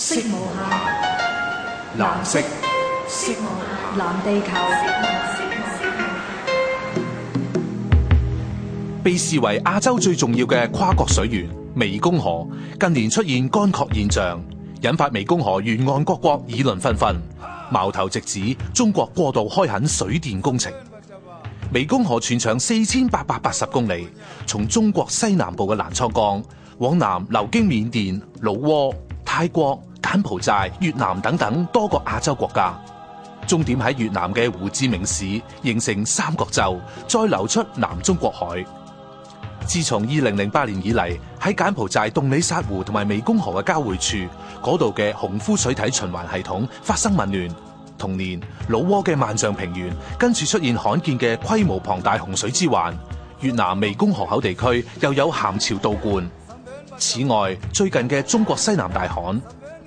色無限，藍色。色無藍地球，被視為亞洲最重要嘅跨國水源——湄公河。近年出現乾涸現象，引發湄公河沿岸各國，國議論紛紛，矛頭直指中國過度開墾水電工程。湄公河全長四千八百八十公里，從中國西南部嘅瀾滄江往南流經緬甸、老撾、泰國。柬埔寨、越南等等多個亞洲國家，終點喺越南嘅胡志明市形成三角洲，再流出南中國海。自從二零零八年以嚟，喺柬埔寨洞里薩湖同埋湄公河嘅交匯處，嗰度嘅洪夫水體循環系統發生紊亂。同年，老撾嘅萬象平原跟住出現罕見嘅規模龐大洪水之患。越南湄公河口地區又有咸潮倒灌。此外，最近嘅中國西南大旱。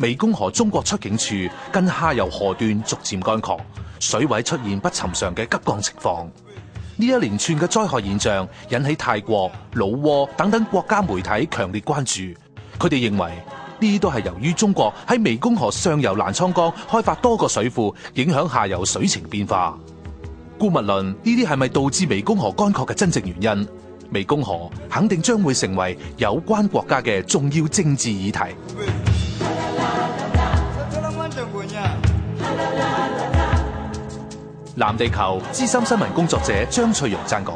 湄公河中國出境處跟下游河段逐漸乾涸，水位出現不尋常嘅急降情況。呢一連串嘅災害現象引起泰國、老撾等等國家媒體強烈關注。佢哋認為呢啲都係由於中國喺湄公河上游瀾滄江開發多個水庫，影響下游水情變化。姑勿論，呢啲係咪導致湄公河乾涸嘅真正原因？湄公河肯定將會成為有關國家嘅重要政治議題。藍地球資深新聞工作者張翠蓉撰稿。